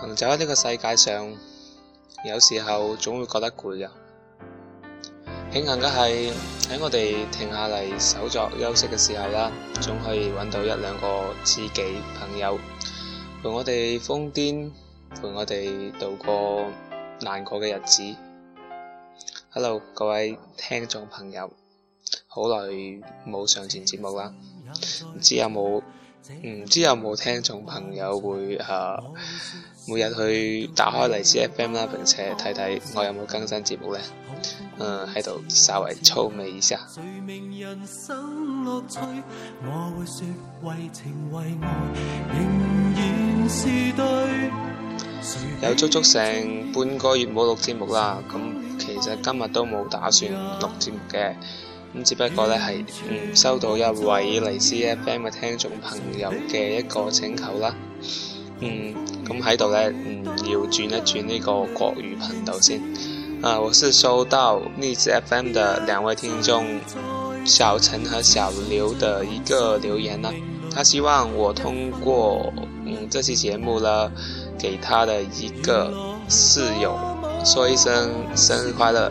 行走喺呢個世界上，有時候總會覺得攰嘅。慶幸嘅係喺我哋停下嚟，手作休息嘅時候啦，總可以揾到一兩個知己朋友，陪我哋瘋癲，陪我哋度過難過嘅日子。Hello，各位聽眾朋友，好耐冇上前節目啦，唔知有冇？唔知有冇聽眾朋友會誒、呃、每日去打開嚟自 F M 啦，並且睇睇我有冇更新節目咧？誒喺度稍為臭美一下， 有足足成半個月冇錄節目啦。咁、嗯、其實今日都冇打算錄節目嘅。咁只不過咧係，嗯，收到一位嚟自 FM 嘅聽眾朋友嘅一個請求啦，嗯，咁喺度咧，嗯，要轉一轉呢個國語頻道先。啊，我是收到荔枝 FM 嘅兩位聽眾小陳和小劉的一個留言啦，他希望我通過嗯，這次節呢期節目咧，給他的一個室友，說一聲生日快樂。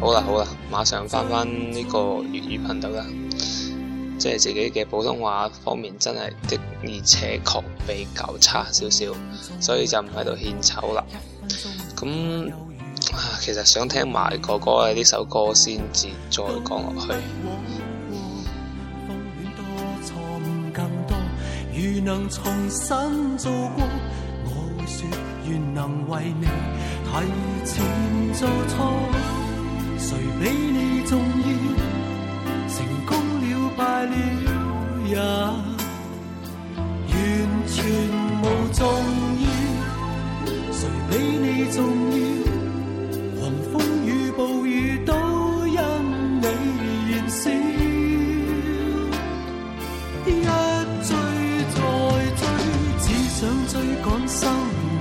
好啦好啦，馬上返返呢個粵語頻道啦。即係自己嘅普通話方面真係的，的而且確比較差少少，所以就唔喺度獻醜啦。咁啊那月，其實想聽埋哥哥嘅呢首歌先至再講落去。誰比你重要？成功了敗了也完全無重要。誰比你重要？狂風與暴雨都因你燃燒。一追再追，只想追趕生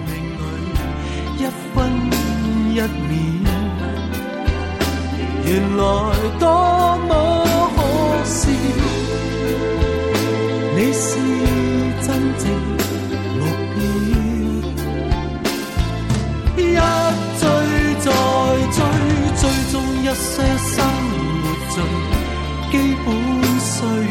命裏一分一秒。原來多麼可笑，你是真正目標。一追再追，追蹤一些生活最基本需要。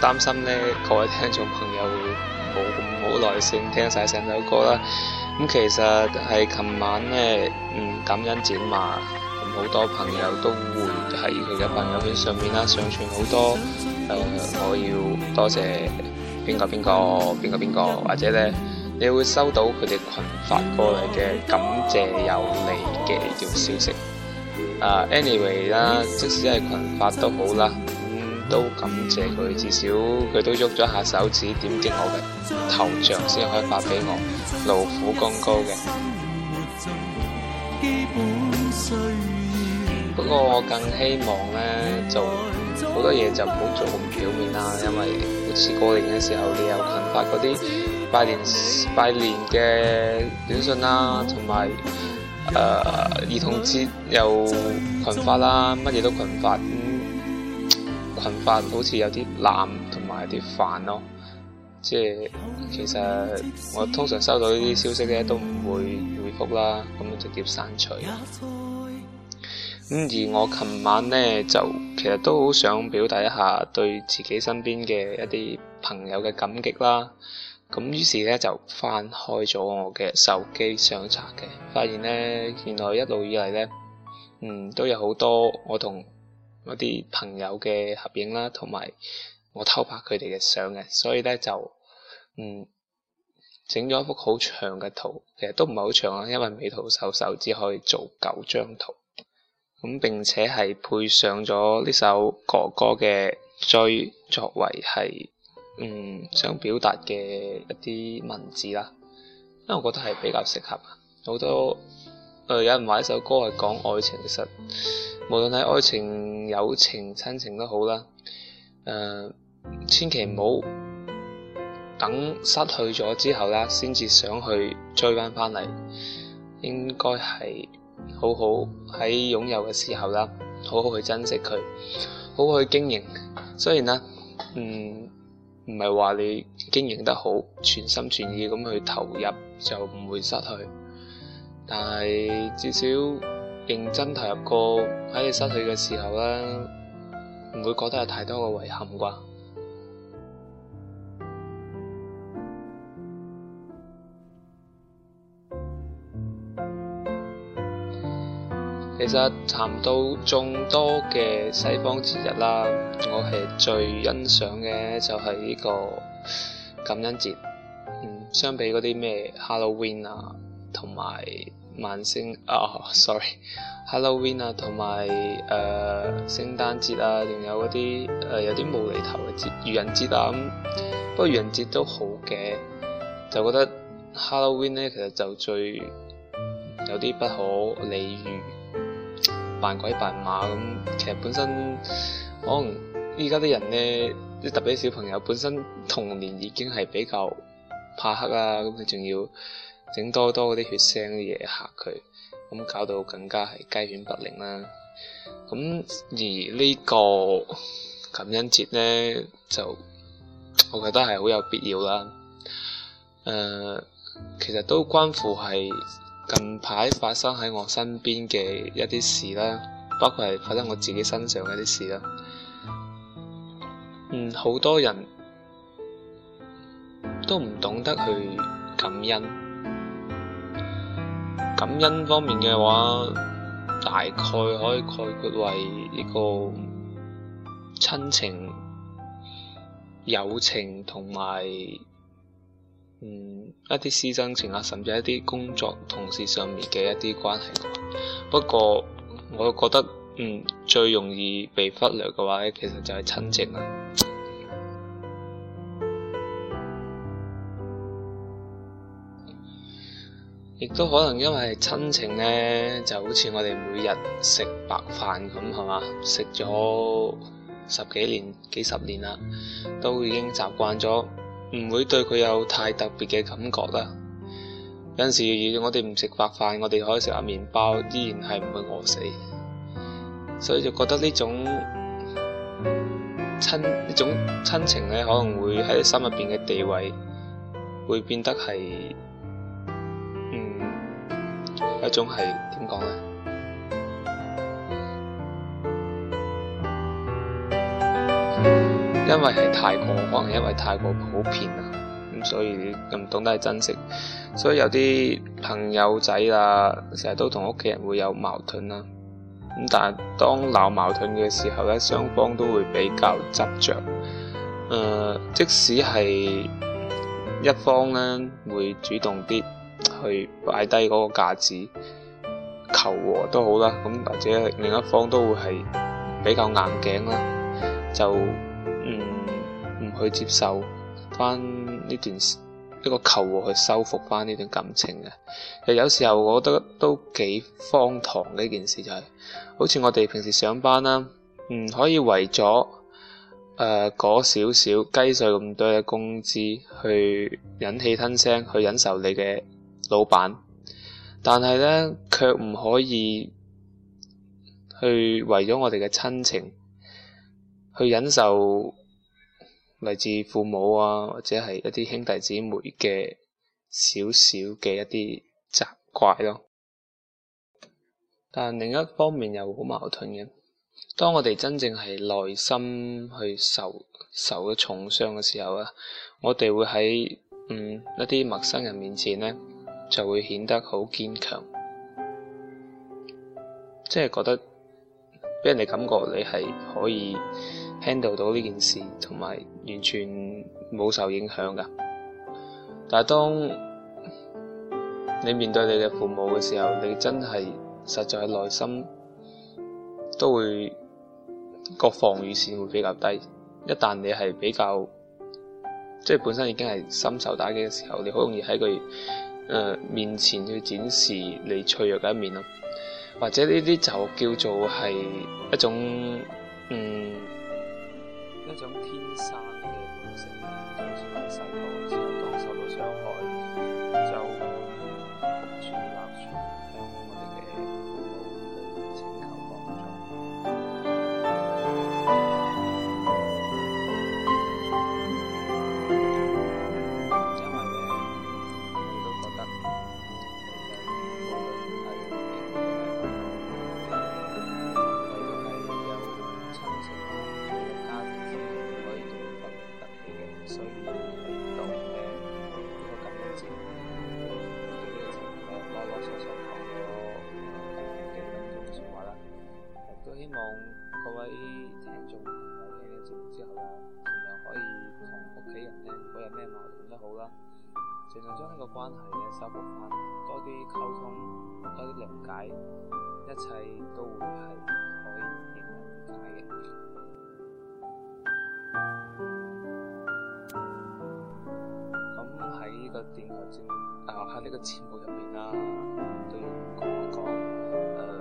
擔心咧，各位聽眾朋友會冇咁好耐性聽晒成首歌啦。咁其實係琴晚咧、嗯，感恩節嘛，咁好多朋友都會喺佢嘅朋友圈上面啦，上傳好多誒、呃，我要多謝邊個邊個邊個邊個，或者咧，你會收到佢哋群發過嚟嘅感謝有你嘅呢條消息。啊、呃，anyway 啦，即使係群發都好啦。都感謝佢，至少佢都喐咗下手指點擊我嘅頭像先可以發俾我，勞苦功高嘅。 不過我更希望咧，就好多嘢就唔好做表面啦，因為好似過年嘅時候你又群發嗰啲拜年拜年嘅短信啦，同埋誒兒童節又群發啦，乜嘢都群發。群發好似有啲濫同埋啲煩咯，即係其實我通常收到呢啲消息咧都唔會回覆啦，咁直接刪除。咁、嗯、而我琴晚咧就其實都好想表達一下對自己身邊嘅一啲朋友嘅感激啦，咁、嗯、於是咧就翻開咗我嘅手機相冊嘅，發現咧原來一路以嚟咧，嗯都有好多我同一啲朋友嘅合影啦，同埋我偷拍佢哋嘅相嘅，所以咧就嗯整咗一幅好長嘅圖。其實都唔係好長啊，因為美圖秀秀只可以做九張圖，咁並且係配上咗呢首哥哥嘅追作為係嗯想表達嘅一啲文字啦，因為我覺得係比較適合好多。有人話呢首歌係講愛情，其實無論係愛情、友情、親情都好啦。誒、呃，千祈唔好等失去咗之後咧，先至想去追翻翻嚟。應該係好好喺擁有嘅時候啦，好好去珍惜佢，好好去經營。雖然呢，嗯，唔係話你經營得好，全心全意咁去投入，就唔會失去。但係至少認真投入過，喺你失去嘅時候咧，唔會覺得有太多嘅遺憾啩。 其實談到眾多嘅西方節日啦，我係最欣賞嘅就係呢個感恩節。嗯，相比嗰啲咩 Halloween 啊，同埋。萬聖啊、oh，sorry，Halloween 啊，同埋誒聖誕節啊，仲有嗰啲誒有啲無厘頭嘅節愚人節咁、啊嗯，不過愚人節都好嘅，就覺得 Halloween 咧其實就最有啲不可理喻，扮鬼扮馬咁、嗯，其實本身可能而家啲人咧，啲特別啲小朋友本身童年已經係比較怕黑啊，咁佢仲要？整多多嗰啲血腥嘅嘢吓佢，咁搞到更加係雞犬不寧啦。咁而呢個感恩節咧，就我覺得係好有必要啦。誒、呃，其實都關乎係近排發生喺我身邊嘅一啲事啦，包括係發生我自己身上嘅一啲事啦。嗯，好多人都唔懂得去感恩。感恩方面嘅話，大概可以概括為呢個親情、友情同埋嗯一啲師生情啊，甚至一啲工作同事上面嘅一啲關係。不過，我覺得嗯最容易被忽略嘅話咧，其實就係親情啦。亦都可能因為親情咧，就好似我哋每日食白飯咁，係嘛？食咗十幾年、幾十年啦，都已經習慣咗，唔會對佢有太特別嘅感覺啦。有陣時我，我哋唔食白飯，我哋可以食下麵包，依然係唔會餓死。所以就覺得種親種親情呢種親呢種親情咧，可能會喺心入邊嘅地位會變得係。仲係點講咧？因為係太過慌，可能因為太過普遍啦，咁所以唔懂得去珍惜，所以有啲朋友仔啊，成日都同屋企人會有矛盾啦。咁但係當鬧矛盾嘅時候咧，雙方都會比較執着。誒、呃，即使係一方咧會主動啲。去擺低嗰個架子求和都好啦，咁或者另一方都會係比較硬頸啦，就唔唔去接受翻呢段一個求和去修復翻呢段感情嘅。其有時候我覺得都，都幾荒唐嘅一件事就係，好似我哋平時上班啦，唔可以為咗誒嗰少少雞碎咁多嘅工資去忍氣吞聲去忍受你嘅老闆，但係咧，卻唔可以去為咗我哋嘅親情去忍受嚟自父母啊，或者係一啲兄弟姊妹嘅少少嘅一啲責怪咯。但另一方面又好矛盾嘅，當我哋真正係內心去受受咗重傷嘅時候啊，我哋會喺嗯一啲陌生人面前咧。就會顯得好堅強，即係覺得俾人哋感覺你係可以 handle 到呢件事，同埋完全冇受影響噶。但係當你面對你嘅父母嘅時候，你真係實在內心都會個防禦線會比較低。一旦你係比較即係本身已經係深受打擊嘅時候，你好容易喺佢。呃、面前去展示你脆弱嘅一面咯，或者呢啲就叫做係一種，嗯，一種天生嘅本性，就算喺細個，只有當受到傷害，到害就。將呢個關係咧修復翻，多啲溝通，多啲理解，一切都會係可以迎刃而解嘅。咁喺呢個電台節目之，啊喺呢個節目入面啦，對我講，嗯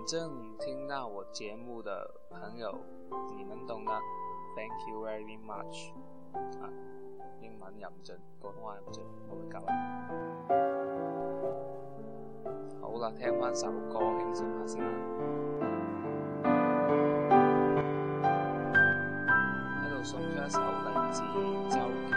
反正聽到我節目的朋友，你們懂的。Thank you very much。啊，英文又唔準，普通話又唔準，我咪教你。好啦，聽翻首歌，輕鬆下先啦。喺度送出一首《荔枝》。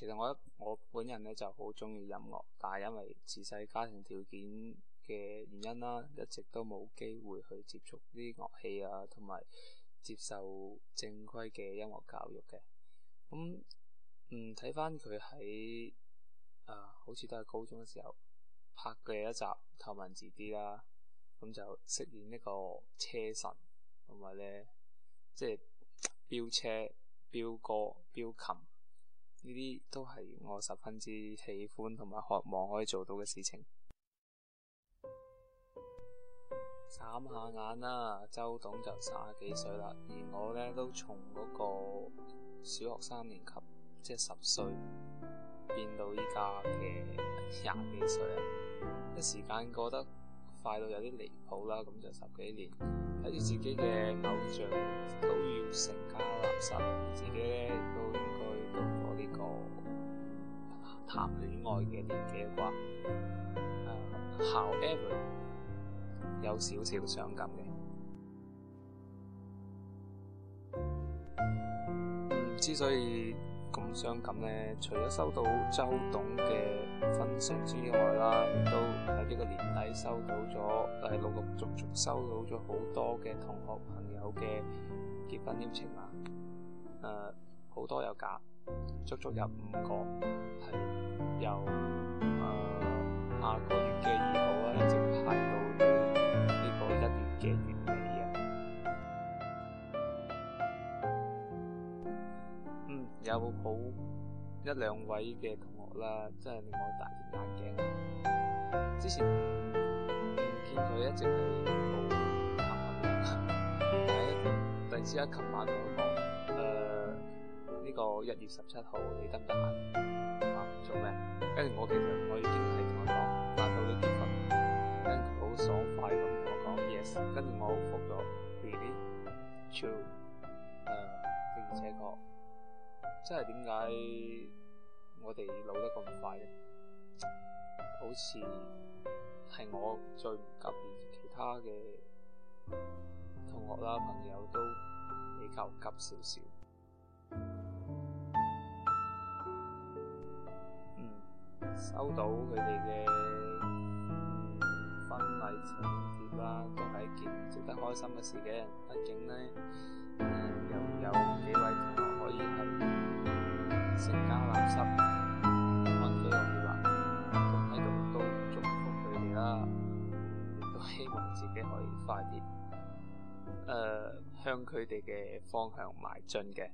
其實我我本人咧就好中意音樂，但係因為自細家庭條件嘅原因啦，一直都冇機會去接觸啲樂器啊，同埋接受正規嘅音樂教育嘅。咁，嗯，睇翻佢喺誒，好似都係高中嘅時候拍嘅一集《頭文字 D》啦，咁就飾演一個車神，同埋咧即係飆車、飆歌、飆琴。呢啲都係我十分之喜歡同埋渴望可以做到嘅事情。眨下眼啦、啊，周董就三十幾歲啦，而我呢，都從嗰個小學三年級，即係十歲變到依家嘅廿幾歲啦，一時間過得快到有啲離譜啦。咁就十幾年，睇住自己嘅偶像都要成家立室。自己呢，都～我呢，這個談戀愛嘅年紀嘅話、uh,，however 有少少傷感嘅。之所以咁傷感咧，除咗收到周董嘅婚訊之外啦，亦都喺呢個年底收到咗，係陸陸續續收到咗好多嘅同學朋友嘅結婚邀請啦。誒，好多有假。足足有五個係由下、呃，下個月嘅二號咧，一直排到呢個一月嘅月尾嘅，嗯，有好一兩位嘅同學啦，真係令我大跌眼鏡。之前見佢一直喺度打麻將，但係第次喺琴晚同佢講。到一月十七號，你得唔得閒？啊，做咩？跟住我其實我已經係同佢講，話到你結婚，跟住佢好爽快咁同我講 yes，跟住我復咗 really true，誒並且確，即係點解我哋老得咁快咧？好似係我最唔急，而其他嘅同學啦、朋友都比較急少少。收到佢哋嘅婚禮請帖啦，啊，都係一件值得開心嘅事嘅。畢竟咧，呃，有幾位同學可以喺成家立室，按句容易話，喺度都祝福佢哋啦。都希望自己可以快啲，誒、呃，向佢哋嘅方向邁進嘅。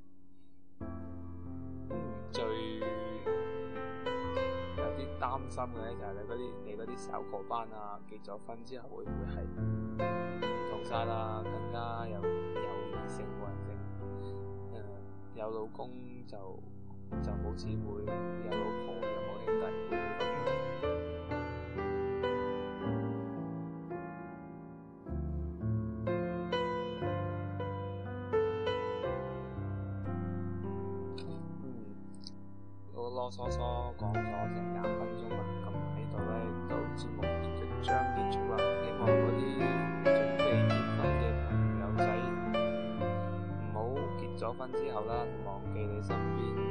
最啲擔心嘅咧，就係你嗰啲你嗰啲小學班啊，結咗婚之後，會唔會係同晒啦？更加有有異性冇人性。誒、呃，有老公就就冇姊妹，有老婆又冇兄弟。囉囉嗦嗦講咗成廿分鐘啦，咁喺度咧到節目即將結束啦，希望嗰啲準備結婚嘅朋友仔唔好結咗婚之後啦，忘記你身邊。